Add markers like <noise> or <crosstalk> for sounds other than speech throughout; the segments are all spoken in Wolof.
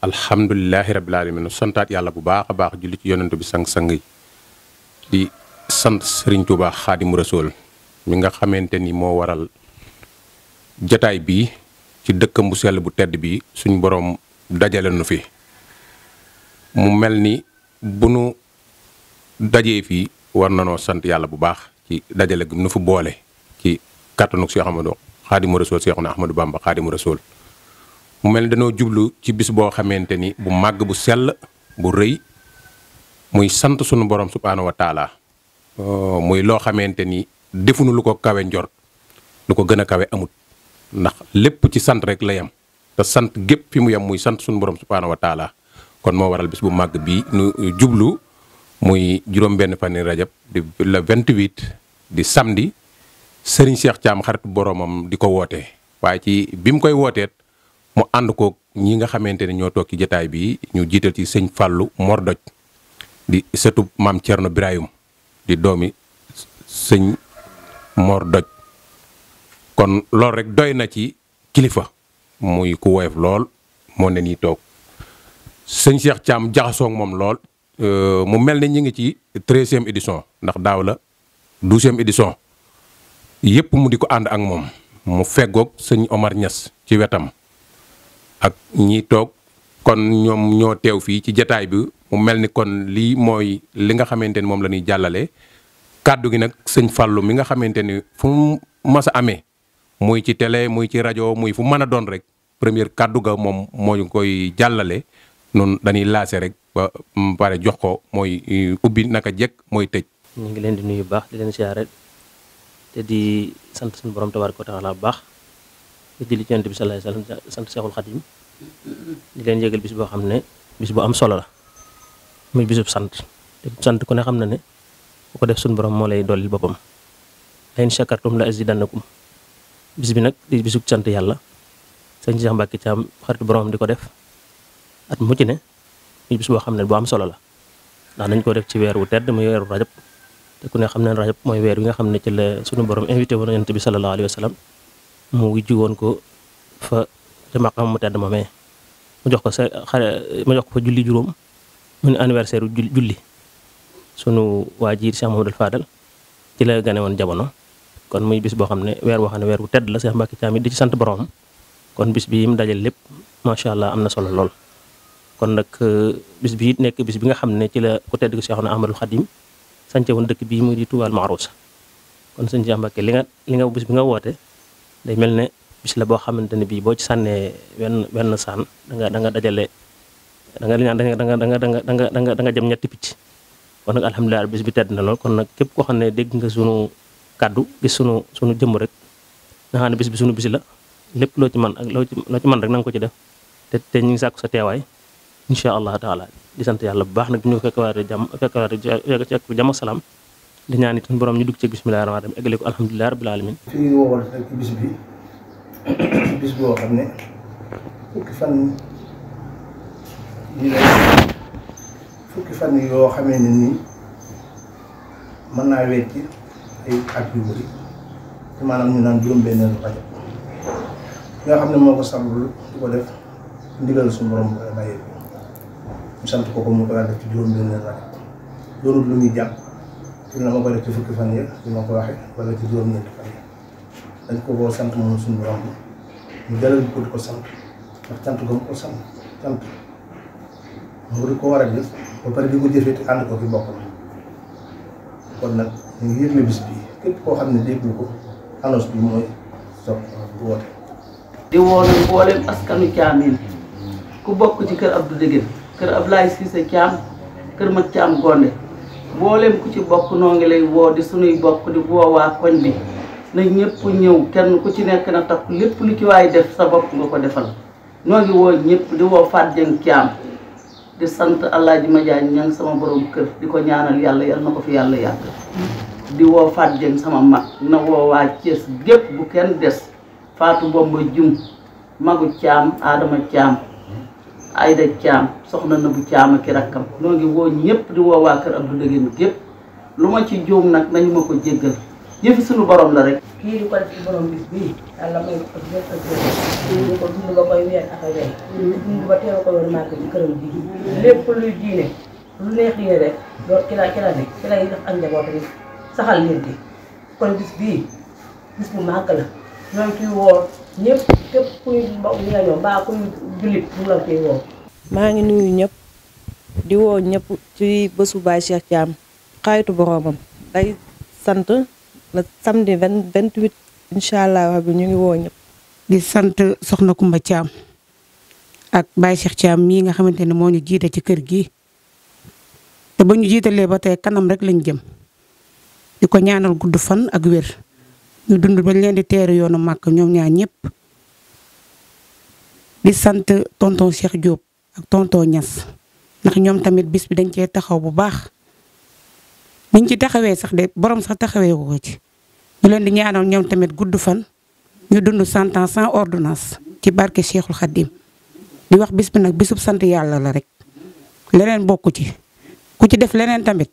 bi rabbil alamin santaat yàlla bu baax a baax julli ci yonent bi sang-sang yi di sant Serigne Touba Xaadimu Rasuul mi nga xamante ni moo waral jataay bi ci dëkkam bu sell bu tedd bi suñ boroom dajale nu fi mu mel ni bu nu dajee fii war na noo sant yàlla bu baax ci dajale gi nu fi boole ci kàttanug Cheikh Ahmadou Xaadimu Rasuul Cheikhuna Ahmadou Bamba Xaadimu Rasuul mu mel ni dañoo jublu ci bis boo xamante ni bu màgg bu sell bu rëy muy sant sunu borom subhaanahu wa taala oh, muy loo xamante ni defunu lu ko kawe njort lu ko gën a kawe amut ndax lépp ci sant rek la yem te sant gépp fi mu yem muy sant sunu borom subhaanahu wa taala kon moo waral bis bu màgg bii nu jublu muy juróom-benn fani rajab di le 28 di samedi Serigne Cheikh Thiam xaritu boromam di ko wootee waaye ci bi mu koy wooteet mu ànd koog ñi nga xamante ne ñoo toog ci jataay bi ñu jiital ci sëñ Fàllu Mor Doj di sëtu maam Thierno Birahim di doomi sëñ Mor Doj kon loolu rek doy na ci kilifa muy ku woyof lool moo ne nii toog sëñ Cheikh Thiam jaxasoog moom lool euh, mu mel ne ñu ngi ci treizième édition ndax daaw la douzième édition yëpp mu di ko ànd ak moom mu feggoog sëñ Omar Niass ci wetam ak ñi toog kon ñoom ñoo teew fii ci jataay bi mu mel ni kon lii mooy li nga xamante ni moom la ñuy jàllale kàddu gi nag sëñ Fallou mi nga xamante ni fu mu a amee muy ci tele muy ci rajo muy fu mën a doon rek première kàddu ga moom moo ñu koy jàllale noonu dañuy laase rek ba pare jox ko mooy ubbi naka jekk mooy tëj. ñu ngi leen di nuyu baax di leen siyaare te di sant suñu borom tabaaraka wa taala bu baax. te julli ci bi sallallahu alayhi wa sallam sant Seexul Xadim di leen yëgal bis boo xam ne bis bu am solo la muy bisu sant te sant ku ne xam na ne bu ko suñu borom moo lay dolli boppam la in shakartum la azidannakum bi nag di sant yàlla sëñ Cheikh Mbacke Thiam xaritu boromam di ko def at mucc ne muy bis boo xam ne bu am solo la ndax nañ ko def ci weer wu tedd muy weeru rajab te ku ne xam ne rajab mooy weer wi nga xam ne ci sunu borom invité woon Yonent bi sallallahu alayhi wa mu ngi woon ko fa ca maqam mu tedd moomee mu jox ko sa xare mu jox ko fa julli juróom mu ne anniversaire julli sunu waa ji Cheikh Mamadou Fadal ci la gane woon jamono kon muy bis boo xam ne weer boo xam weer bu tedd la Cheikh Mbacke Thiam di ci sant borom kon bis bi mu dajal lépp macha allah am na solo lool. kon nag euh, bis bi it nekk bis bi nga xam ne ci la ku tedd ko Cheikhouna Ahmadul Khadim woon dëkk bii mu di Touba Al Mahrouss kon sëñ Cheikh Mbacke li nga li nga bis bi nga woote. day mel ne bis la boo xamante ne bii boo ci sànnee wenn wenn sànn da nga da nga dajale da nga ñaan danga nga da nga danga nga da nga da da nga jëm ñetti picc kon nag alhamdulilah bis bi tedd na lool kon nag képp koo xam ne dégg nga sunu kàddu gis sunu sunu jëmm rek nga ne bis bi sunu bis la lépp loo ci man ak loo ci loo ci man rek na ko ci def te te ñu ngi sàkku sa teewaay incha allah taala di sant yàlla bu baax nag bi ñu fekk waate jàmm fekk waate jàmm ak salaam di ñaan it suñu borom ñu dugg ci bisimilah rahmaani rahiim eggale ko alhamdulilah rabbil alamin fi wowal rek ci bis bi <coughs> bis boo xam ne fukki fan yi yoo xamee nii mën naa wecc ay at xam ne moo ko sablu di ko def ndigal suñu borom bàyyee ñu sant ko ko mu ko daan def ci juróom-benn rajo doonul lu muy jàpp. dina ma ko def ci fukki fan yëpp dina ko waxe wala ci juróom-ñetti fan yëpp dañ ko woo sant moom suñu borom ñu dalal ko di ko sant ndax cant ko mu ko sant mu di ko war a jëf ba pare di ko jëfee te ànd ko fi bokk na kon nag ñu ngi yëgle bis képp koo xam ne déglu ko annonce bi mooy soog bu woote. di woo nag mboolem askanu Thiamine ku bokk ci kër Abdou Degene kër Ablaye Cissé Thiam kër Mat Thiam Gondé. mboolem ku ci bokk noo ngi lay woo di suñuy bokk di woowaa koñ bi na ñëpp ñëw kenn ku ci nekk na takk lépp lu ci waay def sa bopp nga ko defal noo ngi woo ñëpp di woo Fatou Dieng Thiam di sant Alaaji Madiagne ñang sama boroom kër di ko ñaanal yàlla yal na ko fi yàlla yàgg di woo Fatou Dieng sama mag na woo waa Thiès gépp bu kenn des Fatou Bomba Jum magu Thiam Adama Thiam Ayda Thiam soxna Nabou Thiam ak i rakkam noo ngi woo ñëpp di woo waa kër Abdou Ndéguène gépp lu ma ci juum nag nañu ma ko jéggal yëfi suñu la rek. kii di ko def ci borom bis bii yàlla may ko koy weer ak a dund ba teel a woon màgg ci këram bii. lépp lu neex diine rek loolu ci la ci la nekk kon bis bii bis bu màgg la ñoom ciy woor. ñëpp képp kuy mbokk maa ngi nuyu ñëpp di woo ñëpp ci bésu Baye Cheikh Thiam xaritu boroomam day sant le samedi vingt vingt huit incha allah rabi ñu ngi woo ñëpp. di sant soxna Kumba Thiam ak Baye Cheikh Thiam mii nga xamante ne moo ñu jiite ci kër gi te ba ñu jiitalee ba tey kanam rek lañ jëm di ko ñaanal gudd fan ak wér. ñu dund ba bañ leen di teeru yoonu màkk ñoom ñaar ñëpp di sant tonton Cheikh jóob ak tonton ñas ndax ñoom tamit bis bi dañ cee taxaw bu baax niñ ci taxawee sax de borom sax taxawee ko ci ñu leen di ñaanal ñoom tamit gudd fan ñu dund cent san sans ci barke Cheikhul Khadim di wax bis bi nag bisub sant yàlla la rek leneen bokku ci ku ci def leneen tamit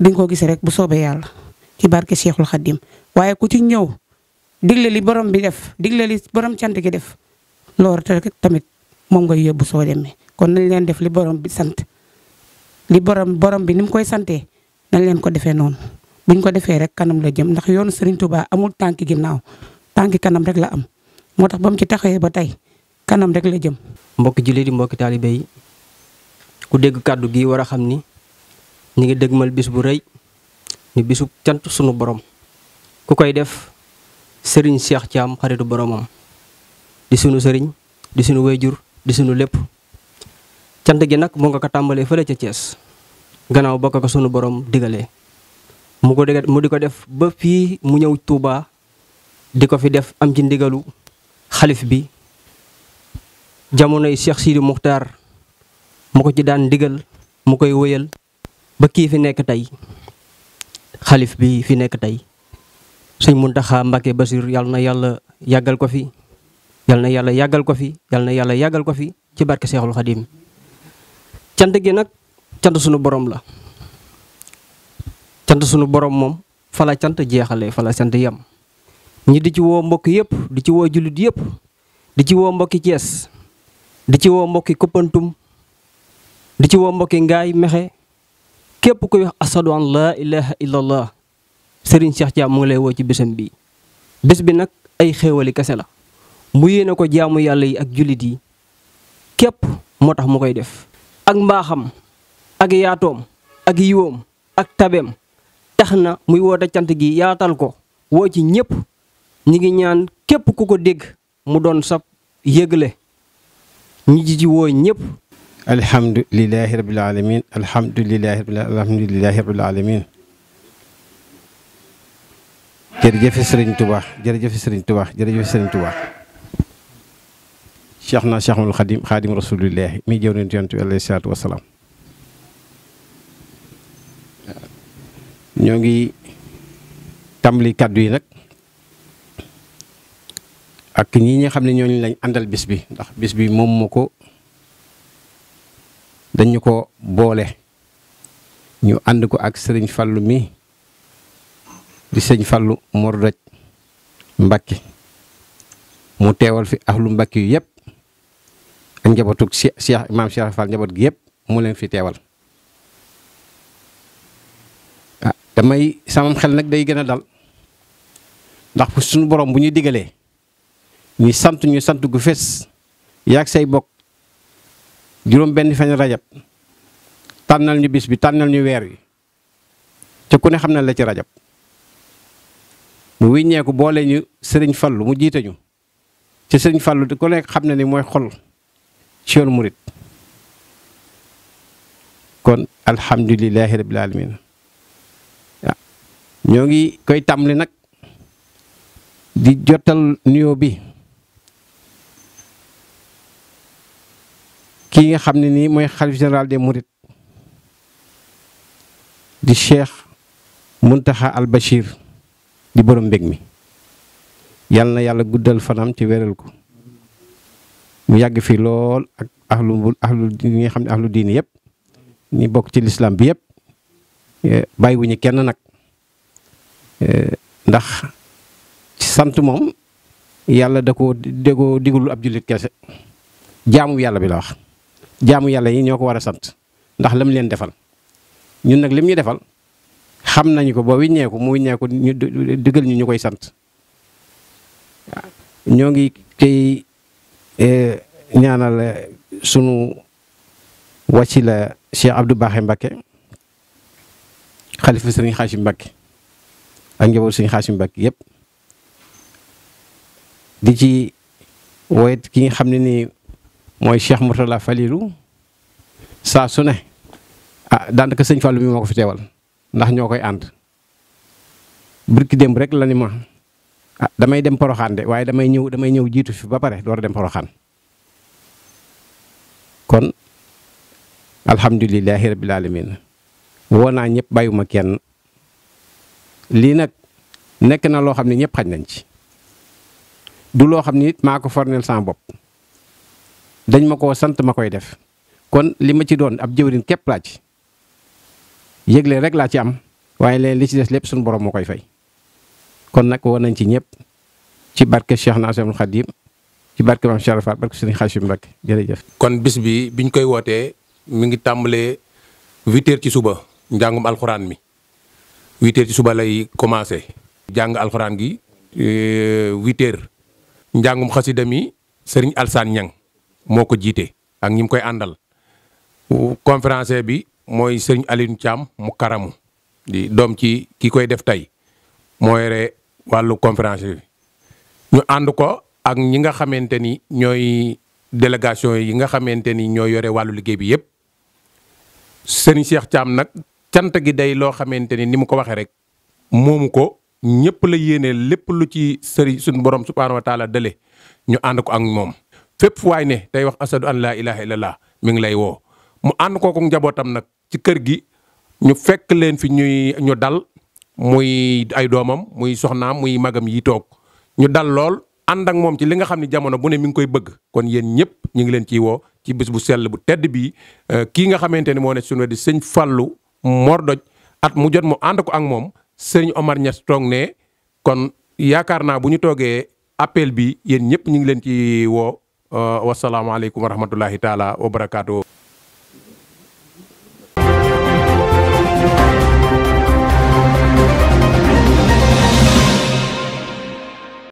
di nga ko gis rek bu soobee yàlla. ci barke Cheikhul Khadim waaye ku ci ñëw digle li borom bi def digle li borom cant gi def loolu tamit moom ngay yóbbu soo demee kon nañ leen def li borom bi sant li borom borom bi ni mu koy santee nañ leen ko defee noonu buñ ko defee rek kanam la jëm ndax yoonu Serigne Touba amul tànki ginnaaw tànki kanam rek la am moo tax ba mu ci taxawee ba tey kanam rek la jëm. mbokki jullit yi mbokki taalibe yi ku dégg kàddu gi war a xam ni ñu ngi dëgg dëgmal bis bu rëy. ni bisub cant sunu borom ku koy def sëriñ Cheikh Thiam xaritu boromam di sunu sëriñ di sunu wayjur di sunu lépp cant gi nag mu nga ko tàmbalee fële ca Thiès gannaaw bokk ko sunu boroom digalee mu ko mu di ko def ba fii mu ñëw Touba di ko fi def am ci ndigalu xalif bi jamonoy Cheikh Sidi Muxtaar mu ko ci daan ndigal mu koy wëyal ba kii fi nekk tey xalif bi fi nekk tey sëñ Muntaxa Mbàkke Basiir yàlla na yàlla yàggal ko fi yàlla na yàlla yàggal ko fi yàlla na yàlla yàggal ko fi ci barke Seexul Xadiim cant gi nag cant sunu borom la cant sunu borom moom fala cant jeexale fala cant yam ñi di ci woo mbokk yëpp di ci woo jullit yëpp di ci woo mbokki Cees di ci woo mbokki Koumpentoum di ci woo mbokki Ngaay Mexe képp kuy wax asadu laa ilaha illallah sëriñ Cheikh Dia mu ngi lay woo ci bésam bii bés bi nag ay xéewali kese la mu yéene ko jaamu yàlla yi ak jullit yi képp moo tax mu koy def ak mbaaxam ak yaatoom ak yiwoom ak tabeem tax na muy woote cant gi yaatal ko woo ci ñépp ñu ngi ñaan képp ku ko dégg mu doon sab yëgle ñu ji ci woo ñépp alhamdulilahi rabil alamin alhamdulilahi rabil alhamdulilahi rabil alamin jërëjëf sëriñ Tuubaa jërëjëf sëriñ tubaa jërëjëf sëriñ Tuubaa cheikh na cheikhul xadim xadim rasulillahi mi jëw nent yontu alayhi salaatu wasalaam ñoo ngi tàmbali kàddu yi nag ak ñi nga xam ne ñooñu lañ àndal bis bi ndax bis bi moom moo ko dañu ko boole ñu ànd ko ak sëriñ fallu mi di sëñ fallu mor mbakki mu teewal fi ahlu mbakki yu yëpp ak njabootug Cheikh maam Cheikh Fall njaboot gi yëpp mu leen fi teewal ah damay samam xel nag day gën a dal ndax suñu borom bu ñu digalee ñu sant ñu sant gu fees yaag say bokk juróom benn fan rajab tànnal ñu bis bi tànnal ñu weer wi te ku ne xam na la ci rajab mu wiññeeku boole ñu sëriñ fallu mu jiite ci sëriñ fallu ku nekk xam na ni mooy xol ci yoon murit kon alhamdulilahi rabil alamin ñoo ngi koy tàmbali nag di jotal nuyoo bi kii nga xam ne nii mooy xalif général des Mourides di cheikh Muntaxa al Bachir di borom mbég mi yal na yàlla guddal fanaam ci wéral ko mu yàgg fi lool ak ahlu ahlu ñi nga xam ne allu diini yëpp ñi bokk ci lislaam bi yëpp eh, bàyyiwuñu kenn nag eh, ndax ci sant moom yàlla da koo da koo ab jullit kese jaamu yàlla bi la wax jaamu yàlla yi ñoo ko war a sant ndax lam leen defal ñun nag lim ñu defal xam nañu ko ba wiññeeku mu wiññeeku ñu ñu ñu koy sant ñoo ngi koy eh, ñaanal eh, sunu la Cheikh Abdou Baaxe Mbakke xalifa sëriñ Xaasim Mbakke ak njaboot sëriñ Xaasim Mbakke yëpp di ci woyet ki xam ne nii mooy Cheikh Mourtala Falilou saa su ne ah daanaka sëñ Fallou mi moo ko fi teewal ndax ñoo koy ànd birki démb rek la ni ma ah damay dem poroxaan de waaye damay ñëw damay ñëw jiitu fi ba pare door dem poroxaan kon alhamdulilahi rabil alamin woo naa ñëpp bàyyiwuma kenn lii nag nekk na loo xam ne ñépp xañ nañ ci du loo xam ne it maa ko forneel sama bopp dañ ma ko sant ma koy def kon li ma ci doon ab jëwrin képp laa ci yëgle rek laa ci am waaye leen li ci des lépp suñu borom moo koy fay kon nag woo nañ ci ñëpp ci barke Cheikh Naasimal Xadim ci barke maam Cheikh Rafat barke Sëriñ Xaasim Mbakke jërëjëf. kon bis bi ñu koy wootee mu ngi tàmbalee huit ci suba njàngum alxuraan mi huit ci suba lay commencé. jàng alxuraan gi euh, huit heures. njàngum xasida mi sëriñ Alsaan Ñang moo ko jiitee ak ñi koy àndal. conférencier bi mooy sëriñ Alioune Thiam mu karamu di doom ci ki koy def tey moo yore wàllu conférencier bi ñu ànd ko ak ñi nga xamante ni ñooy délégation yi nga xamante ni ñooy yore wàllu liggéey bi yépp sëriñ Cheikh Thiam nag cant gi day loo xamante ni ni mu ko waxee rek moomu ko ñépp la yéene lépp lu ci sëriñ suñu borom subhaanahu wa taala dale ñu ànd ko ak moom. fépp fu waay ne day wax asadu an laa ilaha illallah mi ngi lay woo mu ànd kooku njabootam nag ci kër gi ñu fekk leen fi ñuy ñu dal muy ay doomam muy soxnaam muy magam yi toog ñu dal lool ànd ak moom ci li nga xam ne jamono bu ne mi ngi koy bëgg kon yéen ñëpp ñu ngi leen ciy woo ci bés bu sell bu tedd bi euh, kii nga xamante ni moo ne suñu di sëñ Fallou Mor at mu jot mu ànd ko ak moom sëñ Omar Niass toog ne kon yaakaar naa bu ñu toogee appel bi yéen ñëpp ñu ngi leen ci woo wasalaamaaleykum wa rahmatulahi taala wa barakaatu.